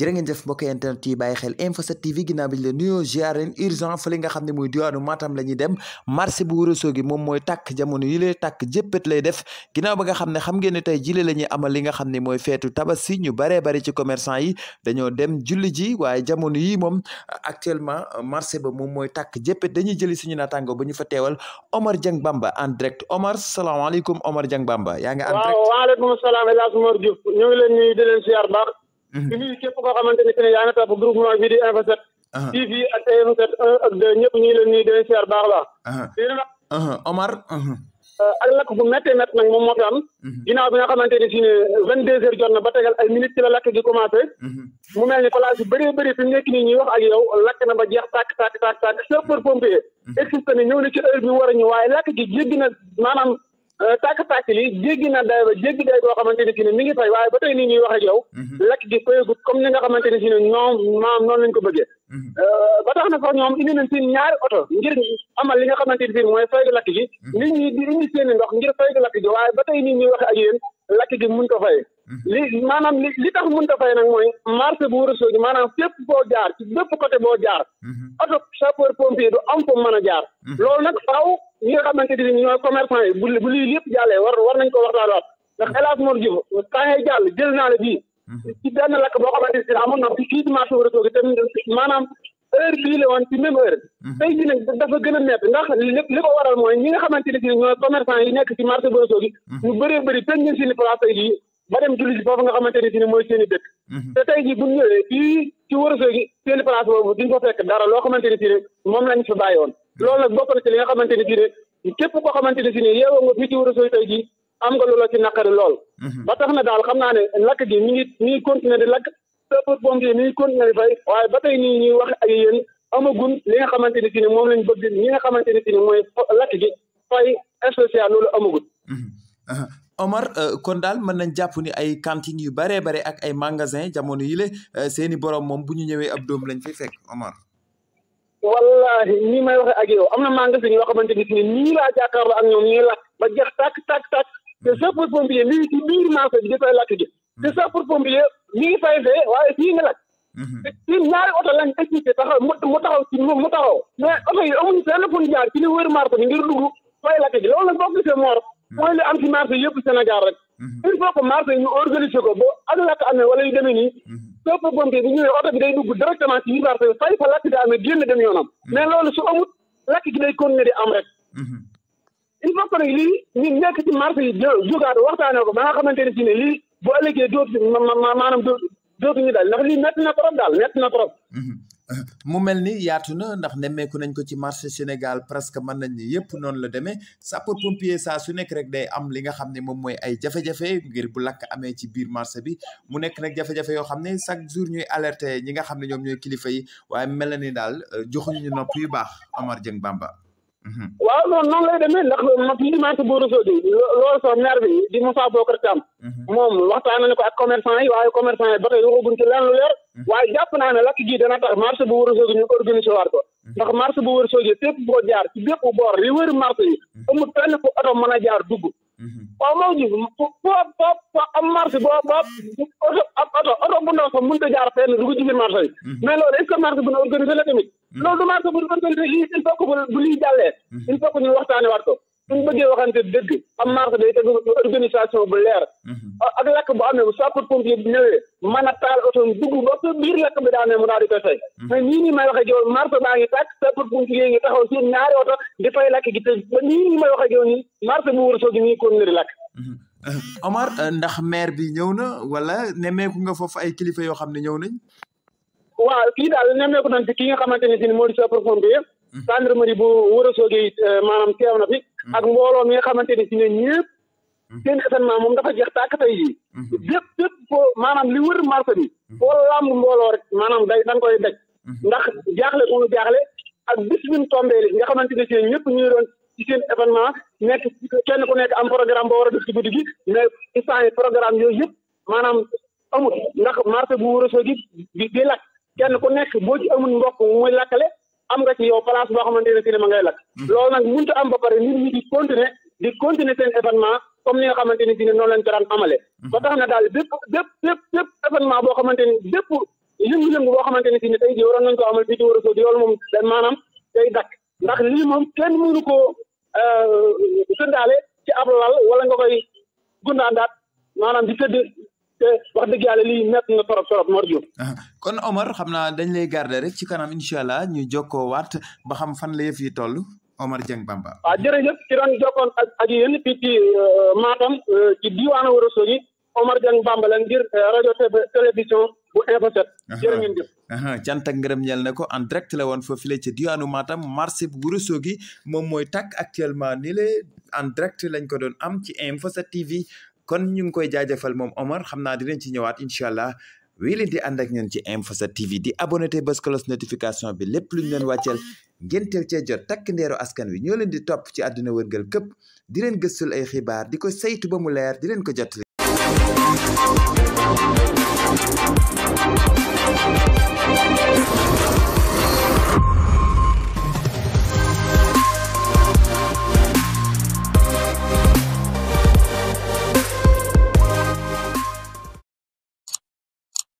jërë ngeen jëf mbokk internet yi bàyyi xel info 7 tv ginnaaw bi ñu leen nuyoo ziar leen urgent fa li nga xam ne muy diwaanu Matam la dem marché bu Ourossogui moom mooy tàkk jamono yi lay tàkk jëppët lay def ginnaaw ba nga xam ne xam ngeen ne tey jile la ñuy xam ne mooy feetu tabaski ñu baree ci commerçant yi dañoo dem julli ji waaye jamono yii moom actuellement marché ba moom mooy tàkk jëppët dañuy jëli suñu naataango ba ñu fa teewal Omar Dieng Bamba en direct Omar salaamaaleykum Omar Dieng Bamba yaa nga en direct di mhm. nuyu képp koo xamante ni ne yaa ngi topp groupement bi di Info uh-huh. ñu ngi leen nii di siyaar a baax dina uh-huh. uh-huh. Omar uh, ak lakk bu méttee métt nag moom moo fi am ginnaaw bi na ba tegal ay minutes ci la lakk gi commencé mu mel ni place fi mu nekk nii ñuy wax ak yow na ba jeex tàkk tàkk tàkk tàkk sapeur pompier existe ni ñëw na ci heure bi war a ñu waaye lakk gi jéggi na maanaam Euh, tàkk tàkk li jéggi na day ba jéggi day boo xamante ne si ne mi ngi fay waaye ba tey nii ñuy jow ak yow mhm. lakk gi fayagut comme ni nga xamante ne si ne ñoom maam noonu lañ ko bëggee mhm. euh, ba tax na sax ñoom indi nañ seen ñaari oto ngir amal li nga xamante ne si mooy faydu lakk gi mhm. nit ñi di indi seen ndox ngir faydu lakk gi waaye ba tey nii ñuy wax ak yéen lakk gi mun ko fay mhm. li maanaam li li tax mun ko fay nag mooy marché bu wërësoo ji maanaam fépp boo jaar ci bépp côté boo jaar mhm. oto sapeur pompier du am fo mën a jaar mhm. loolu nag faaw ñi nga xamante ni ñooy commerçant yi bu bu lii lépp jàllee war war nañ ko waxtaanwaat ndax El Hadj Mor Diouf saa ngay jàll jël naa la bii ci benn lakk boo xamante ni amoon na fii ci marché wërësoo gi te maanaam heure bii la woon ci même heure mhm. tey jii dafa gën a métti ndax lépp li ko waral mooy ñi nga xamante ne si ñooy commerçant yi nekk ci marché Brosso bi mhm. ñu bëree bëri tëj nañ place ba dem julli ji foofu nga xamante ne si ni mooy seen i dëkk mhm. te tey jii loo xamante ne si moom lañ fa bàyyi woon loolu nag bokk na ci li nga xamante si ne képp koo xamante ne si ne yeewoo nga fii ci Brosso tey jii am nga loola ci naqari lool ba tax na daal xam naa ne lakk gi mi ngi mi ngi lakk sapeur pompier mi kon ngay fay waaye ba tey nii ñuy wax ak yéen amagun li nga xamante ni si ni moom lañ bëgg ñi nga xamante ni si ni mooy lakk gi fay spécial loolu amagun mhm. uh-huh. Omar uh, kon daal mën nañ jàpp ni ay cantines yu baree bare ak ay magasin jamono yi uh, seeni borom moom bu ñu ñëwee ab doom lañ fay fekk Omar wallahi nii may waxe ak am na magasin yoo xamante ni si ni nii laa jàkkaarloo ak ñoom ñuy lakk ba jeex tàkk tàkk tàkk mhm. te sapeur pompier mi ci biir marché bi dafay gi te sapeur pompier mi ngi fay fee waaye fii nga laaj. ci mhm. ñaari oto mu taxaw ci mu taxaw. mais oto yi amuñu benn fu ñu jaar ci li wër marché bi ngir dugg fay laajte ji loolu nag boo ko gisee moor mhm. mooy li am ci marché yëpp rek. Mhm. il faut que yi ñu organiser ko ba ak lakk amee wala yu demee nii. sapeur pompier bi ñëwee oto bi day dugg directement ci biir marché bi fay fa lakk di amee génn dem yoonam. mais loolu su lakk gi day continuer di am rek. il faut que nag lii ñu nekk ci marché yi jógaat waxtaanee ko ba nga xamante ne si ne bu ëllëgee dootu maanaam dootuñu daal ndax lii métti na trop daal métti na trop. Mm-hmm. mu mel ni yaatu na ndax nemmeeku nañ ko ci marché Sénégal presque mën nañ ni yëpp noonu la demee sapeur pompier saa su nekk rek day am li nga xam ne moom mooy ay jafe-jafe ngir bu lakk amee ci biir marché bi mu nekk nag jafe-jafe yoo xam ne chaque jour ñuy alerter ñi nga xam ne ñoom ñooy kilifa yi waaye mel na ni daal joxuñu nopp yu baax Omar Dieng Bamba. Mhm. waaw lool noonu lay demee ndax limenté bu réseau bi loolu sax maire bi di Moussa Bocar Thiam mhm. moom waxtaan nañu ko ak commerçant yi waaye commerçant yi ba tey waxaguñ ci lenn lu leer mhm. waaye jàpp naa ne lakk gi dana tax marché bu réseau bi ñu organisé waat ko ndax marché bu réseau bi fépp boo jaar ci bépp boor li wër marché yi amul fenn oto mën a jaar dugg waaw moo gis fo fo am marché boo boo oto oto bu ndaw sax mënut a jaar fenn dugg ci biir marché yi mais lool est-ce que marché bu na non hmm. du maa ko bu fekkoon bu lii jàllee. Hmm. il ñu waxtaanee waat ko. suñ bëggee waxante dëgg am marche day tegu bu leer. Hmm. ak lakk bu amee bu sapeur pompier bi ñëwee mën a taal oto dugg ba biir lakk bi daanee mu daal di koy fay. mais wax ak yow marche baa ngi tàkk sapeur pompier ngi taxaw si ñaari oto di fay may wax ak yow nii marche bu wër soo gi nii kon di lakk. Omar ndax meer bi ñëw na wala nemmeeku nga foofu ay kilifa yoo xam ne ñëw nañ. waaw kii daal nañ fi ki nga xamante ne si moo di sapeurs-pompiers hmm. gendarmerie bu wër asooge eh, it maanaam teew na fi hmm. ak mbooloo mi nga xamante ni si ne ñëpp hmm. seen événement moom dafa jeex tàkk tey jii bépp bépp foo maanaam li wër marché bi foo làmb mbooloo rek maanaam day danga koy daj ndax jaaxle unu jaaxle ak bis bi mu tombee li nga xamante ne si ne ñëpp ñuy doon ci kenn ku nekk am programme boo war a def yi programme yooyu yëpp maanaam amul ndax marché bu wër asoogi di di lakk kenn ku nekk boo ci amul mbokk muy lakkale am nga ci yow place boo xamante ne si ne ma ngay lakk hmm. loolu nag mënut a am ba pare nit ñi di continuer di continuer seen événement comme ni nga xamante ne si ne noonu lañ ko daan amale hmm. ba tax na daal bépp bépp bépp événement boo xamante ni bépp yëngu-yëngu boo xamante ne si ne tey jii waroon nañ ko amal fii ci war a sóodi loolu moom dañ maanaam day dakk ndax lii moom kenn mënu koo euh, sëndaale ci ab lal wala nga koy gundaandaat maanaam di tëdd te wax dëgg yàlla lii mett na torop torop Mor Diouf ah. kon Omar xam naa dañ lay garder rek ci kanam incha allah ñu jokkoo waat ba xam fan la yëf toll Omar Dieng Bamba. waaw jërëjëf ci doon jokkoon euh, euh, diwaanu Ouro Sogui Omar Dieng Bamba la ngir euh, rajo télévision bu Info 7. jërë ngeen jëf. cant na ko en direct la woon foofu la ci diwaanu maatam marché bu Ouro Sogui moom mooy tàkk actuellement ni la en direct lañ ko doon am ci Info 7 TV kon ñu ngi koy jaajëfal moom Omar xam naa dinañ ci ñëwaat incha allah. wii leen di ànd ak ñun ci Info 7 TV di abonné te bës cloche notification bi lépp lu ñu leen wàcceel ngeen teel cee jot takk ndeeru askan wi ñoo leen di topp ci àdduna wërngal këpp di leen gëstul ay xibaar di ko saytu ba mu leer di leen ko jot